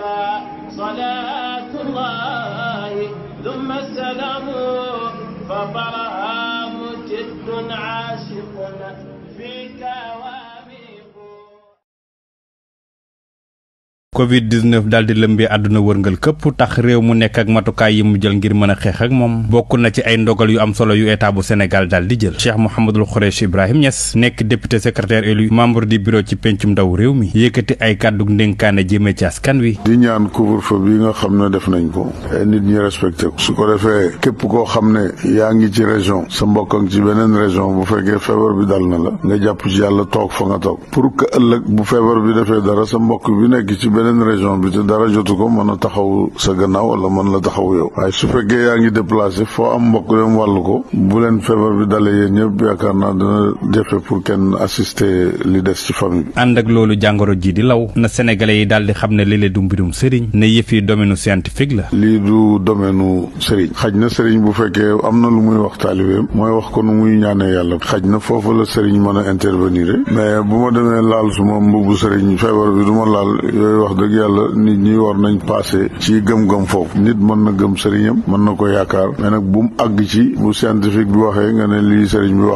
عليك صلاة الله ثم السلام فطرها مجد عاشق فيك وعاشق covid 19 di lëmbee àdduna wërngal këpp tax réew mu nekk ak matukaay yi mu jël ngir mën a xeex ak moom bokk na ci ay ndogal yu am solo yu état bu sénégal daal di jël cheikh mouhamadul xoreesh ibrahim Niass nekk député secrétaire élu membre du bureau ci pencum ndaw réew mi yëkkati ay kàddu ndénkaane jëmee ci askan wi di ñaan couvre-feu bi nga xam ne def nañ ko eh, nit ñi respecté ko su ko defee képp koo xam ne yaa ngi ci région sa mbokk ngi ci beneen région bu fekkee feebar bi dal la nga jàpp ci yàlla toog fa nga toog pour beneen région bi te dara jotu ko mën a taxaw sa gannaaw wala mën la taxaw yow waaye su fekkee yaa ngi déplacé foo am mbokk dem wàllu ko bu leen feebar bi dalee yéen ñëpp yaakaar naa dana jafe pour kenn assister li des ci famille bi. ànd ak loolu jàngoro ji di law na sénégalais yi daal di xam ne léeg-léeg du mbirum sëriñ ne yëf yi domaine scientifique la. lii du domaine nu sëriñ xaj na sëriñ bu fekkee am na lu muy wax taalibeem mooy wax kon nu muy ñaanee yàlla xaj na foofu la sëriñ mën a intervenir mais bu wax dëgg yàlla nit ñi war nañ passé ci na gëm sëriñam mën na ko bu mu àgg ci bu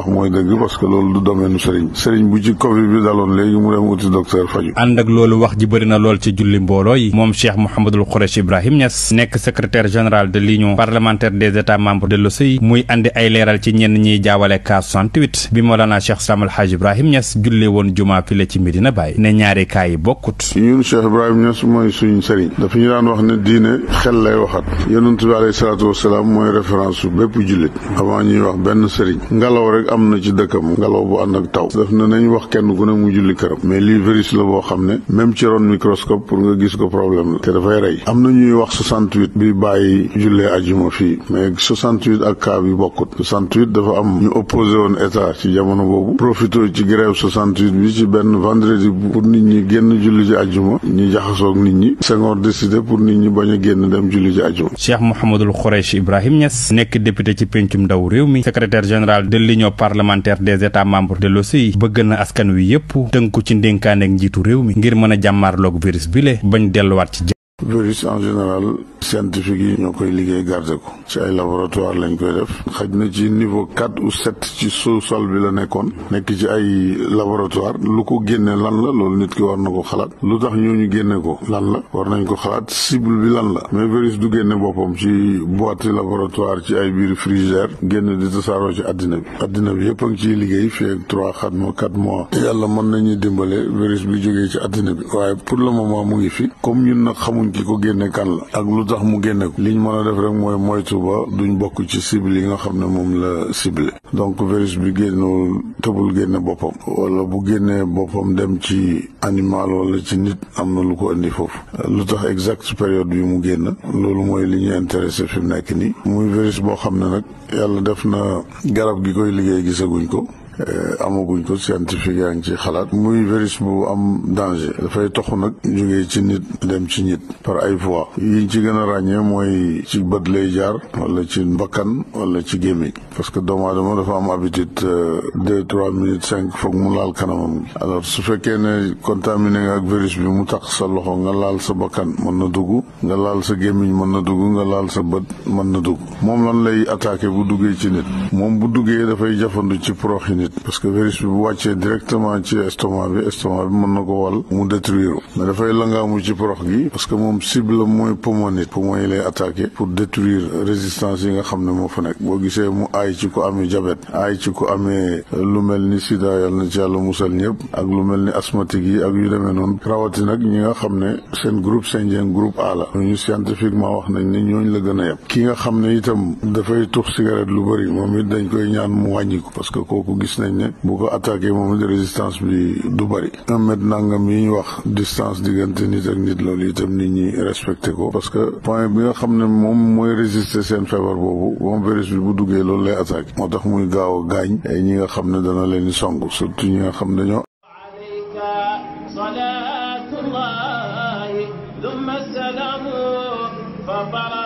mooy dëgg parce bu ci covid bi daloon léegi wax ji bëri na lool ci julli mbooloo moom Cheikh Mouhamadul Khoureychi Ibrahim Niass nekk secrétaire général de l'union parlementaire des états membres de l'OCI muy andi ay leeral ci ñenn ñiy jaawale cas 68 bi Mawlana Cheikh Samal Hadj Ibrahim Niass julli woon juma file ci Medina Baye ne ñaari cas yi bokkut Ibrahima Niass mooy suñ sëriñ dafa ñu daan wax ne diine xel lay waxat yonent bi alayhi salaatu wasalaam mooy référence su bépp jullit avant ñuy wax benn sëriñ ngelaw rek am na ci dëkkam ngelaw bu ànd ak taw daf na nañ wax kenn ku ne mu julli këram mais lii virus la boo xam ne même ci ron microscope pour nga gis ko problème la te dafay rey am na ñuy wax 68 bi bàyyi jullee ajuma fii mais 68 ak cas bi bokkut 68 dafa am ñu opposé woon état ci jamono boobu profité ci grève 68 bi ci jaxasoog nit ñi Senghor décidé pour nit ñi bañ a génn dem julli ji ajuma Cheikh Mouhamadul Khoureychi Ibrahim Niass nekk député ci péncum ndaw réew mi secrétaire général de l'union parlementaire des états membres de l'OCI bëgg na askan wi yépp tënku ci ndénkaaneeg njiitu réew mi ngir mën a jàmmaarloog virus bile bañ delluwaat ci virus en général scientifique yi ñoo koy liggéey garder ko ci ay laboratoire lañ koy def xaj na ci niveau quatre ou sept ci sous-sol bi la nekkoon nekk ci ay laboratoire lu ko génne lan la loolu nit ki war na ko xalaat lu tax ñu génne ko lan la war nañ ko xalaat cible bi lan la mais virus du génne boppam ci boîte laboratoire ci ay biir frigidaire génn di tasaaroo ci àddina bi àddina bi yëpp a ciy liggéey fi ak trois quatre mois quatre mois yàlla mën nañuy dimbale virus bi jógee ci àddina bi waaye pour le ki ko génne kan la ak lu tax mu génne ko liñ mën a def rek mooy moytu ba duñ bokk ci cible yi nga xam ne moom la ciblé donc virus bi génnul tëbul génne boppam wala bu génnee boppam dem ci animal wala ci nit am na lu ko indi foofu lu tax exact période bi mu génn loolu mooy li ñu intéressé fi mu nekk nii muy virus boo xam ne nag yàlla def na garab gi koy liggéey gisaguñ ko Euh, amaguñ ko scientifique yaa ngi ci xalaat muy virus bu am danger dafay toxu nag jógee ci nit dem ci nit par ay voie yiñ ci gën a ràññee mooy ci bët lay jaar wala ci mbakkan wala ci gémmiñ parce que doomu aadama dafa am habitude euh, deux trois minutes cinq foog mu laal kanamam gi alors su fekkee ne contaminé nga ak virus bi mu tax sa loxo nga laal sa bakkan mën na dugg nga laal sa gémmiñ mën na dugg nga laal sa bët mën na dugg moom lan lay attaque bu duggee ci moom bu duggee dafay jafandu ci proxi nit parce que virus bi bu wàccee directement ci estomac bi estomac bi mën na ko wàll mu détruire mais dafay langaamu ci porox gi parce que moom cible mooy poumon nit poumon yi lay attaqué pour détruire résistance yi nga xam ne moo fa nekk boo gisee mu aay ci ko amee diabète aay ci ko amee euh, lu mel ni sida yàlla na ci yàlla musal ñëpp ak lu mel ni asthmatique yi ak yu demee noonu rawati nag ñi nga xam ne seen groupe sanguin groupe ala la ñu scientifiquement wax nañ ni ñooñ la gën a yàpp ki nga xam ne itam dafay tux cigarette lu gis nañ ne bu ko attaqué moom la résistance bi du bari un mètre nangam yi ñu wax distance diggante nit ak nit loolu itam nit ñi respecté ko parce que point bi nga xam ne moom mooy résister seen feebar boobu moom virus bi bu duggee loolu lay attaqué moo tax muy gaaw a gaañ ay ñi nga xam ne dana leen song surtout ñi nga xam dañoo salaatullahi